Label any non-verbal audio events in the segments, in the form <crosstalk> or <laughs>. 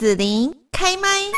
子琳，開麥，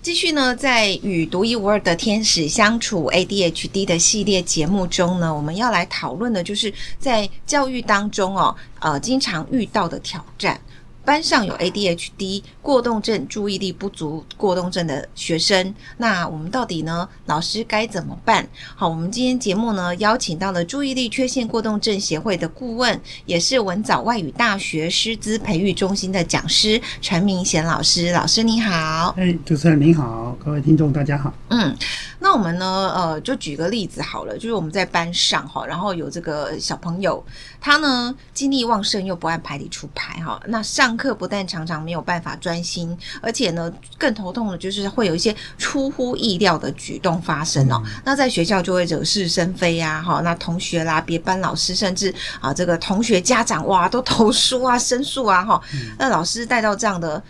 繼續呢，在與獨一無二的天使相處 ADHD 的系列節目中呢，我們要來討論的就是在教育當中哦，呃，經常遇到的挑戰。班上有 ADHD 過動症、注意力不足過動症的學生，那我們到底呢？老師該怎麼辦？好，我們今天節目呢，邀請到了注意力缺陷過動症協會的顧問，也是文藻外語大學師資培育中心的講師陳明顯老師。老師你好，哎，主持人您好，各位聽眾大家好。嗯，那我們呢，呃，就舉個例子好了，就是我們在班上哈，然後有這個小朋友，他呢，精力旺盛，又不按牌理出牌哈，那上。課不但常常沒有辦法專心，而且呢，更頭痛的就是會有一些出乎意料的舉動發生哦。嗯、那在學校就會惹是生非呀、啊，哈、哦，那同學啦、別班老師，甚至啊，這個同學家長哇，都投書啊、申訴啊，哈、哦。嗯、那老師帶到這樣的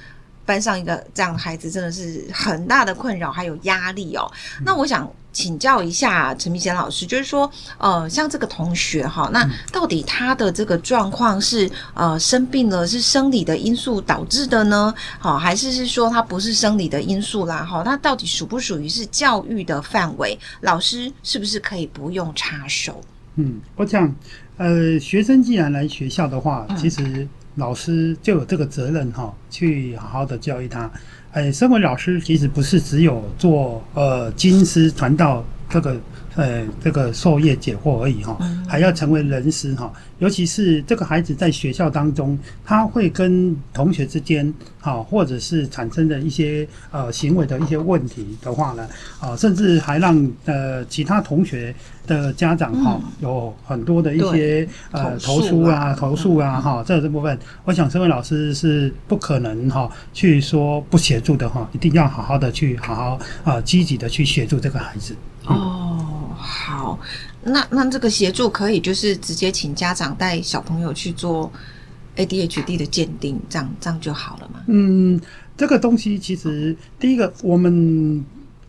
班上一個這樣的孩子，真的是很大的困擾還有壓力哦。那我想。嗯請教一下陳明顯老師，就是說，呃，像這個同學哈、哦，那到底他的這個狀況是呃生病了，是生理的因素導致的呢？好、哦，還是是說他不是生理的因素啦？好、哦，那到底屬不屬於是教育的範圍？老師是不是可以不用插手？嗯，我講，呃，學生既然來學校的話，其實。老師就有這個責任哈、哦，去好好的教育他。哎，身為老師，其實不是只有做呃經師傳道。這個呃，這個授業解惑而已哈，還要成為人師哈。尤其是這個孩子在學校當中，他會跟同學之間啊，或者是產生的一些呃行為的一些問題的話呢，啊，甚至還讓呃其他同學的家長哈，嗯、有很多的一些對呃投訴啊，投訴啊哈。這這部分，嗯、我想身為老師是不可能哈，去說不協助的哈，一定要好好的去好好啊、呃，積極的去協助這個孩子。哦，好，那那這個協助可以就是直接請家長帶小朋友去做 ADHD 的鑑定，這樣這樣就好了嗎？嗯，這個東西其實第一個，我們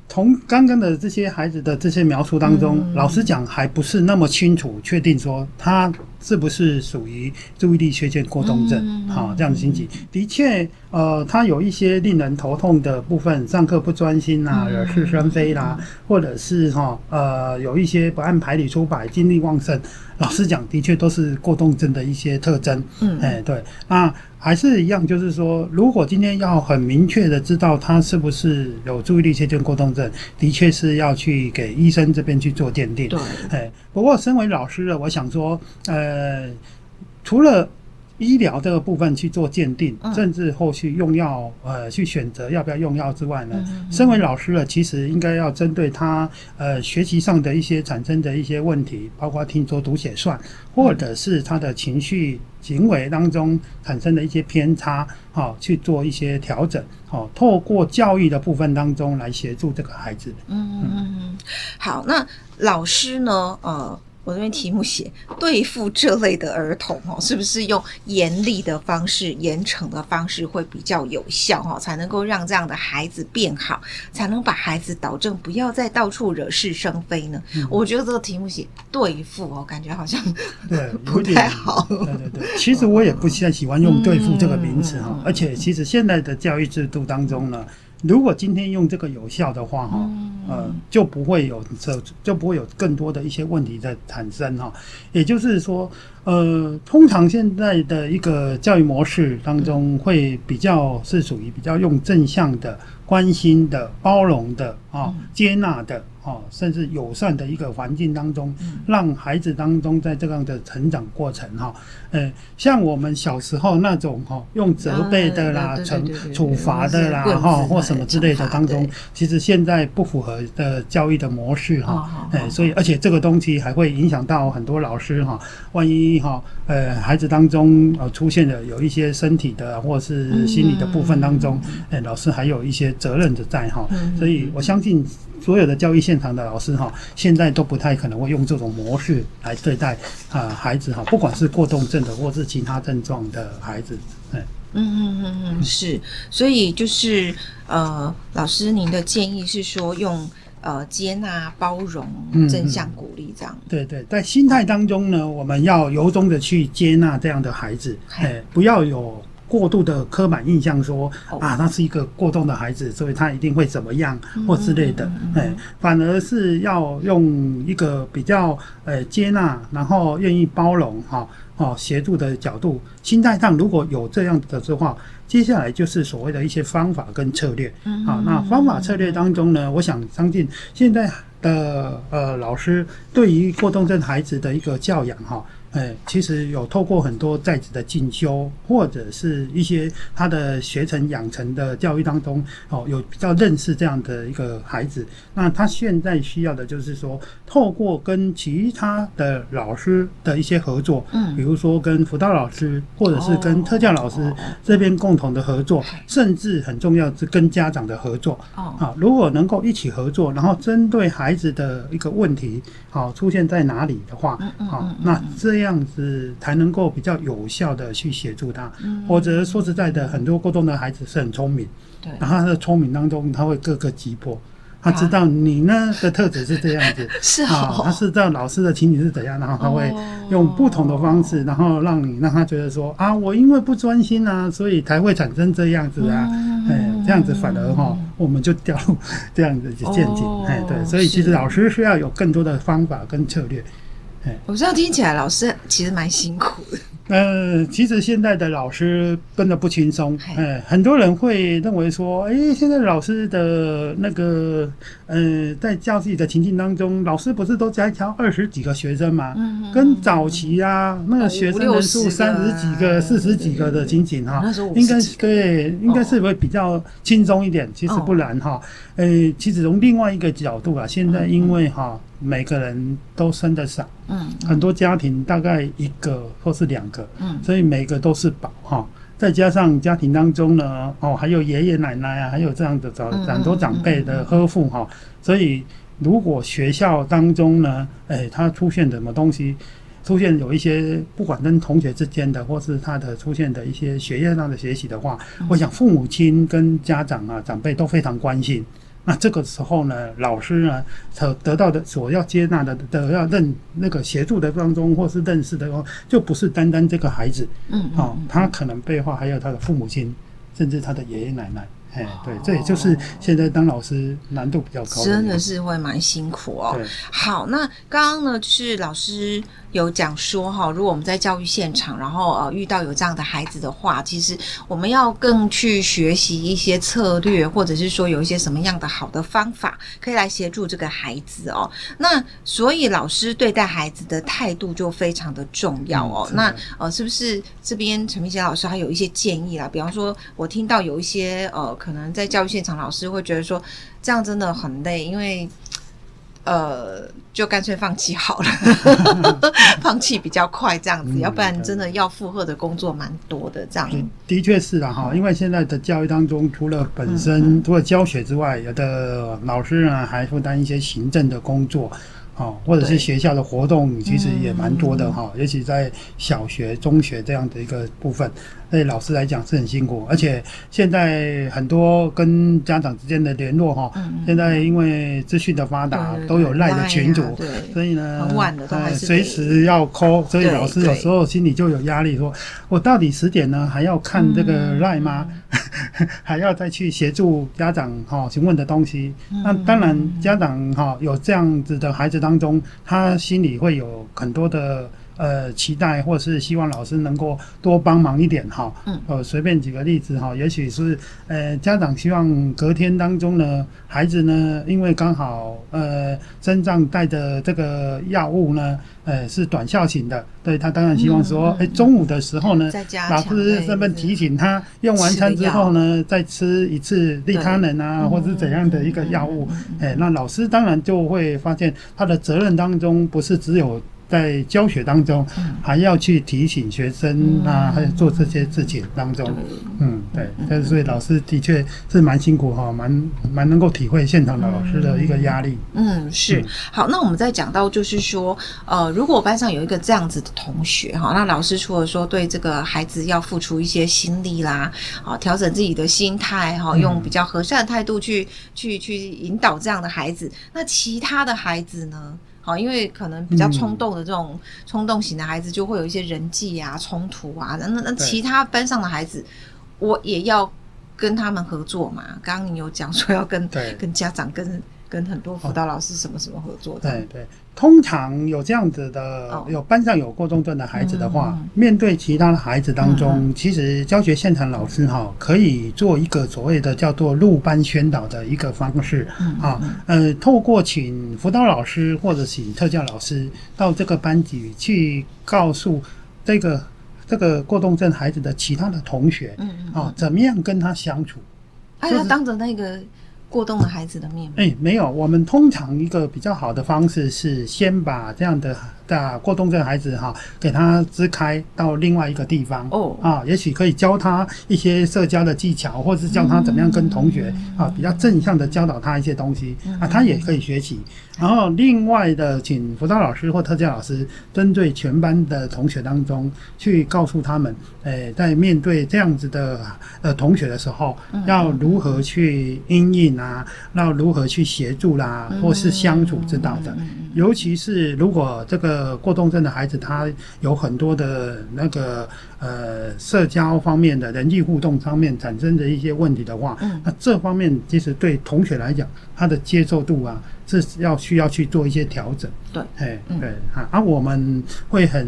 從剛剛的這些孩子的這些描述當中，嗯、老實講還不是那麼清楚確定說他。是不是屬於注意力缺陷過動症？哈、嗯哦，這樣心情、嗯、的確，呃，他有一些令人頭痛的部分，上課不專心啊，惹是、嗯嗯、生非啦、啊，嗯、或者是哈，呃，有一些不按牌理出牌，精力旺盛。老實講，的確都是過動症的一些特徵。嗯，哎、欸，對。那還是一樣，就是說，如果今天要很明確的知道他是不是有注意力缺陷過動症，的確是要去給醫生這邊去做鑑定。對，哎、欸，不過身為老師了，我想說，呃。呃，除了醫療這個部分去做鑑定，甚至後續用藥呃去選擇要不要用藥之外呢，嗯、哼身為老師了，其實應該要針對他呃學習上的一些產生的一些問題，包括聽說讀寫算，或者是他的情緒行為當中產生的一些偏差，好、呃、去做一些調整，好、呃、透過教育的部分當中來協助這個孩子。嗯嗯嗯，好，那老師呢？呃。我這邊題目寫對付這類的兒童哦，是不是用嚴厲的方式、嚴懲的方式會比較有效哈、哦，才能夠讓這樣的孩子變好，才能把孩子導正，不要再到處惹是生非呢？嗯、我覺得這個題目寫對付哦，感覺好像對不太好對。對對對，其實我也不太喜歡用對付這個名詞哈、哦，嗯、而且其實現在的教育制度當中呢。如果今天用這個有效的話，哈、嗯，呃，就不會有這，就不會有更多的一些問題在產生，哈。也就是說，呃，通常現在的一個教育模式當中，會比較是屬於比較用正向的。關心的、包容的、啊、接納的、啊，甚至友善的一個環境當中，讓孩子當中在這樣的成長過程哈，嗯，像我們小時候那種哈，用責備的啦、懲處罰的啦哈，或什麼之類的當中，其實現在不符合的教育的模式哈，哎，所以而且這個東西還會影響到很多老師哈，萬一哈，呃，孩子當中呃出現了有一些身體的或是心理的部分當中，哎，老師還有一些。責任的在哈，所以我相信所有的教育現場的老師哈，現在都不太可能會用這種模式來對待啊孩子哈，不管是過動症的或是其他症狀的孩子，嗯嗯嗯嗯是，所以就是呃，老師您的建議是說用呃接納、包容、正向鼓勵這樣，嗯，對對，在心態當中呢，我們要由衷的去接納這樣的孩子，哎，欸，不要有。過度的刻板印象說啊，他是一個過動的孩子，所以他一定會怎麼樣或之類的，哎、嗯嗯嗯嗯，反而是要用一個比較呃接納，然後願意包容哈、啊啊、協助的角度，心態上如果有這樣的的話，接下來就是所謂的一些方法跟策略好嗯嗯嗯嗯、啊，那方法策略當中呢，我想相信現在的呃老師對於過動症孩子的一個教養哈。啊哎，其實有透過很多在職的進修，或者是一些他的學成養成的教育當中，哦，有比較認識這樣的一個孩子。那他現在需要的就是說，透過跟其他的老師的一些合作，嗯，比如說跟輔導老師，或者是跟特教老師這邊共同的合作，甚至很重要是跟家長的合作。哦，啊，如果能夠一起合作，然後針對孩子的一個問題，好出現在哪裡的話，啊，那這樣。這樣子才能夠比較有效的去協助他。或者說實在的，很多過動的孩子是很聰明，對，然後他的聰明當中他會各個擊破，他知道你呢的特質是這樣子，啊，是啊，他是知道老師的情景是怎樣，然後他會用不同的方式，然後讓你讓他覺得說啊，我因為不專心啊，所以才會產生這樣子啊，哎，這樣子反而哈，我們就掉入這樣子的陷阱，哎，對，所以其實老師需要有更多的方法跟策略。我知道聽起來老師其實蠻辛苦的。呃，其實現在的老師真的不輕鬆，哎嘿，很多人會認為說，誒，現在老師的那個，呃，在教室的情境當中，老師不是都在教二十幾個學生嗎？嗯，嗯跟早期啊，嗯、那個學生人數三十幾個、嗯、十個四十幾個的情景哈，嗯嗯、應該是、哦、對，應該是會比較輕鬆一點，其實不然哈，呃、哦哦，其實從另外一個角度啊，現在因為哈，每個人都生得少，嗯，嗯很多家庭大概一個或是兩個。嗯，所以每個都是寶哈，嗯、再加上家庭當中呢，哦，還有爺爺奶奶啊，還有這樣的長很多長輩的呵護哈，嗯嗯嗯嗯、所以如果學校當中呢，誒、欸，他出現什麼東西，出現有一些不管跟同學之間的，或是他的出現的一些學業上的學習的話，嗯、我想父母親跟家長啊長輩都非常關心。那這個時候呢，老師呢，所得到的、所要接納的、的要認那個協助的當中，或是認識的哦，就不是單單這個孩子，嗯，嗯，嗯，啊、哦，他可能背後還有他的父母親，甚至他的爺爺奶奶，哎、哦，對，這也就是現在當老師難度比較高，真的是會蠻辛苦哦。對好，那剛剛呢是老師有講說哈、哦，如果我們在教育現場，然後呃遇到有這樣的孩子的話，其實我們要更去學習一些策略，或者是說有一些什麼樣的好的方法，可以來協助這個孩子哦。那所以老師對待孩子的態度就非常的重要哦。嗯、那呃，是不是這邊陳明顯老師還有一些建議啦？比方說，我聽到有一些呃，可能在教育現場，老師會覺得說這樣真的很累，因為。呃，就乾脆放棄好了， <laughs> <laughs> 放棄比較快，這樣子，嗯、要不然真的要負荷的工作蠻多的，這樣子。嗯嗯、的確是的、啊、哈，因為現在的教育當中，除了本身除了教學之外，嗯嗯、有的老師呢，還負擔一些行政的工作。哦，或者是學校的活動，其實也蠻多的哈，對嗯、尤其在小學、中學這樣的一個部分，對老師來講是很辛苦。而且現在很多跟家長之間的聯絡哈，嗯、現在因為資訊的發達，對都有 LINE 的群組，哎、所以呢，隨、呃、時要 call，所以老師有時候心裡就有壓力說，說我到底十點呢還要看這個 LINE 嗎？嗯、 <laughs> 還要再去協助家長哈詢問的東西。嗯、那當然，家長哈有這樣子的孩子。當中，他心裡會有很多的。呃，期待或是希望老師能夠多幫忙一點哈。嗯，呃，隨便舉個例子哈，也許是呃家長希望隔天當中呢，孩子呢，因為剛好呃身上帶的這個藥物呢，呃是短效型的，對他當然希望說，誒、嗯嗯欸，中午的時候呢，嗯、老師這邊提醒他用完餐之後呢，吃再吃一次利他能啊，對或是怎樣的一個藥物。誒，那老師當然就會發現他的責任當中不是只有。在教學當中，還要去提醒學生啊，還有、嗯、做這些事情當中，嗯、嗯，對，但是、嗯、所以老師的確是蠻辛苦哈，蠻蠻能夠體會現場的老師的一個壓力嗯。嗯，是。對好，那我們再講到就是說，呃，如果班上有一個這樣子的同學哈，那老師除了說對這個孩子要付出一些心力啦，啊，調整自己的心態哈，用比較和善的態度去去去引導這樣的孩子，那其他的孩子呢？好，因為可能比較衝動的這種衝動型的孩子，就會有一些人際啊衝突啊。那那那其他班上的孩子，我也要跟他們合作嘛。剛剛你有講說要跟跟家長跟。跟很多輔導老師什麼什麼合作的。哦、對對，通常有這樣子的，哦、有班上有過動症的孩子的話，嗯嗯面對其他的孩子當中，嗯嗯其實教學現場老師哈、嗯嗯、可以做一個所謂的叫做入班宣導的一個方式嗯嗯嗯啊，嗯、呃，透過請輔導老師或者請特教老師到這個班級去告訴這個這個過動症孩子的其他的同學嗯嗯嗯啊，怎麼樣跟他相處？哎，他當着那個。過動了孩子的面貌？哎、欸，沒有，我們通常一個比較好的方式是先把這樣的。啊、過動這個孩子哈、啊，給他支開到另外一個地方哦、oh. 啊，也許可以教他一些社交的技巧，或是教他怎麼樣跟同學、mm hmm. 啊比較正向的教導他一些東西、mm hmm. 啊，他也可以學習。然後另外的，請輔導老師或特教老師，針對全班的同學當中去告訴他們，誒、欸，在面對這樣子的呃同學的時候，要如何去因應啊，要如何去協助啦、啊，或是相處之道的。Mm hmm. 尤其是如果這個。呃，過動症的孩子，他有很多的那個呃社交方面的人際互動方面產生的一些問題的話，嗯、那這方面其實對同學來講，他的接受度啊是要需要去做一些調整。對，嗯、對啊。而我們會很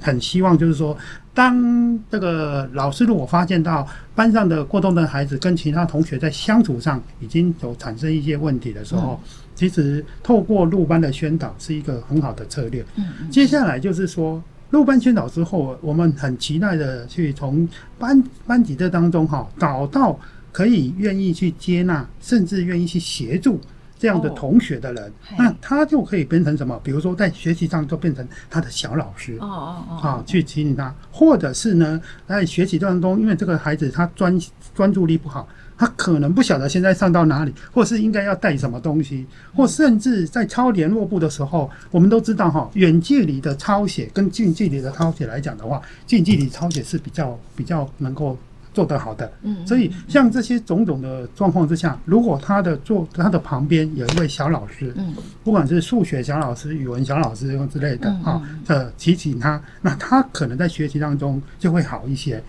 很希望，就是說，當這個老師如果發現到班上的過動症孩子跟其他同學在相處上已經有產生一些問題的時候。嗯其實透過入班的宣導是一個很好的策略。嗯，嗯，接下來就是說，入班宣導之後，我們很期待的去從班班級的當中哈，找到可以願意去接納，甚至願意去協助這樣的同學的人，哦、那他就可以變成什麼？比如說在學習上就變成他的小老師哦哦哦，啊，去指引他，或者是呢，在學習過程中，因為這個孩子他專專注力不好。他可能不曉得現在上到哪裡，或是應該要帶什麼東西，或甚至在抄聯絡簿的時候，嗯，我們都知道哈，哦，遠距離的抄寫跟近距離的抄寫來講的話，近距離抄寫是比較比較能夠做得好的。嗯，所以像這些種種的狀況之下，嗯，如果他的坐他的旁邊有一位小老師，嗯，不管是數學小老師、語文小老師之類的啊，哦，呃，嗯，提醒他，那他可能在學習當中就會好一些。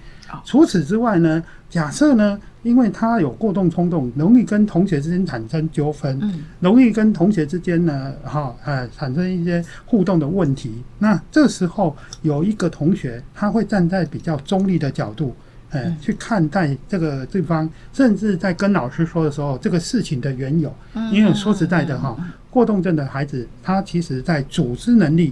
除此之外呢，假設呢，因為他有過動衝動，容易跟同學之間產生糾紛，容易跟同學之間呢，哈，哎，產生一些互動的問題。那這時候有一個同學，他會站在比較中立的角度，哎、呃，去看待這個對方，甚至在跟老師說的時候，這個事情的緣由。因為說實在的，哈、哦，過動症的孩子，他其實在組織能力。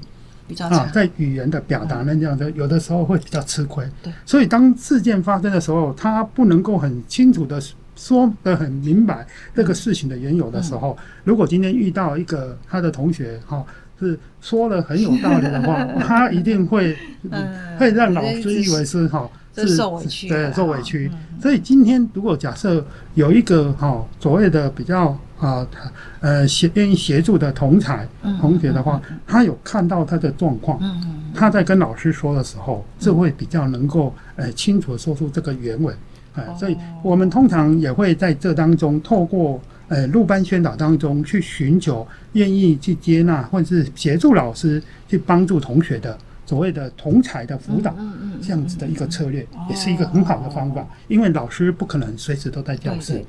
啊，在語言的表達那樣子，有的時候會比較吃虧。對，所以當事件發生的時候，他不能夠很清楚的說得很明白這個事情的緣由的時候，如果今天遇到一個他的同學哈，是說了很有道理的話，他一定會會讓老師以為是哈是受委屈，對，受委屈。所以今天如果假設有一個哈所謂的比較。啊，他呃協願意協助的同才、嗯、同學的話，嗯嗯、他有看到他的狀況，嗯嗯、他在跟老師說的時候，就會比較能夠呃清楚說出這個原委啊、嗯呃，所以我們通常也會在這當中透過呃入班宣導當中去尋求願意去接納或者是協助老師去幫助同學的。所謂的同儕的輔導，這樣子的一個策略，也是一個很好的方法。因為老師不可能隨時都在教室，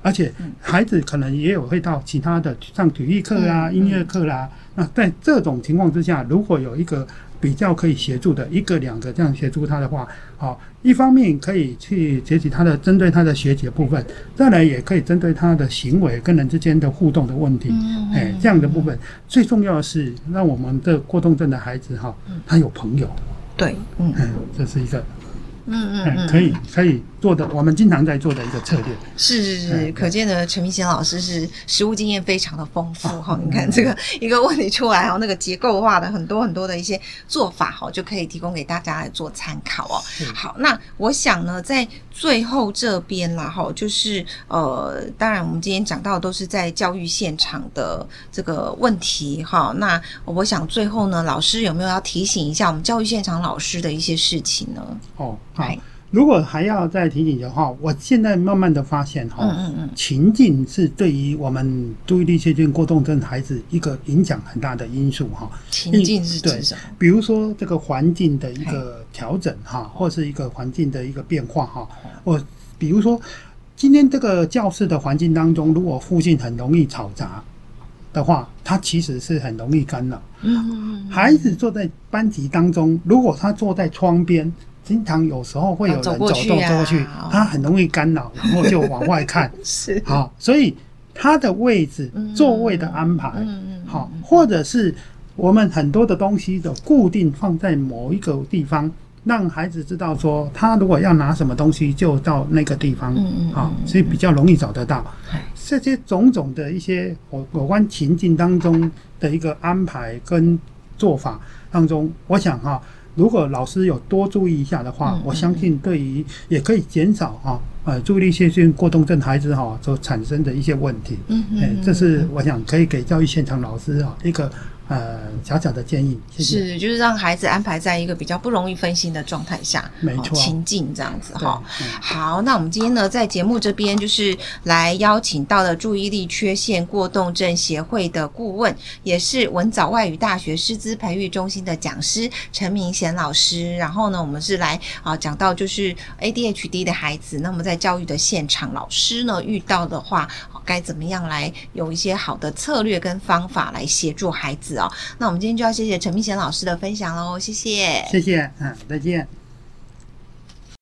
而且孩子可能也有會到其他的上體育課啊、音樂課啦。那在這種情況之下，如果有一個比較可以協助的一個兩個這樣協助他的話，好，一方面可以去解決他的針對他的學習的部分，再來也可以針對他的行為跟人之間的互動的問題，嗯嗯欸、這樣的部分、嗯嗯、最重要的是，讓我們這過動症的孩子哈，他有朋友，對，嗯，嗯這是一個，嗯嗯、欸，可以可以。做的，我們經常在做的一個策略是，是，是，嗯、可見的陳明顯老師是實務經驗非常的豐富哈。啊、你看這個一個問題出來哈，嗯、那個結構化的很多很多的一些做法哈，就可以提供給大家來做參考哦。是好，那我想呢，在最後這邊啦哈，就是呃，當然我們今天講到都是在教育現場的這個問題哈。那我想最後呢，老師有沒有要提醒一下我們教育現場老師的一些事情呢？哦，好。如果還要再提醒的話，我現在慢慢的發現哈，情境是對於我們注意力缺陷過動症孩子一個影響很大的因素哈。情境是什麼？比如說這個環境的一個調整哈，嗯、或是一個環境的一個變化哈。我比如說今天這個教室的環境當中，如果附近很容易吵雜的話，它其實是很容易干擾。嗯、孩子坐在班級當中，如果他坐在窗邊。經常有時候會有人走動走過去，啊走過去啊，他很容易干擾，呵呵然後就往外看。是好，所以他的位置，嗯、座位的安排，嗯嗯，好、嗯，或者是我們很多的東西的固定放在某一個地方，讓孩子知道說，他如果要拿什麼東西，就到那個地方。嗯嗯，嗯好，所以比較容易找得到。這些種種的一些我有關情境當中的一個安排跟做法當中，我想哈、哦。如果老師有多注意一下的話，嗯嗯嗯嗯我相信對於也可以減少哈、啊，呃，注意力缺陷過動症孩子哈、啊、所產生的一些問題。嗯嗯，嗯，嗯，嗯、欸，這是我想可以給教育現場老師啊一個。呃、嗯，小小的建議，謝謝是就是讓孩子安排在一個比較不容易分心的狀態下，沒錯，情境這樣子哈。好，那我們今天呢，在節目這邊就是來邀請到了注意力缺陷過動症協會的顧問，也是文藻外語大學師資培育中心的講師陳明顯老師。然後呢，我們是來啊講到就是 ADHD 的孩子，那麼在教育的現場，老師呢遇到的話。該怎麼樣來有一些好的策略跟方法來協助孩子哦？那我們今天就要謝謝陳明顯老師的分享嘍，謝謝，謝謝，嗯、啊，再見。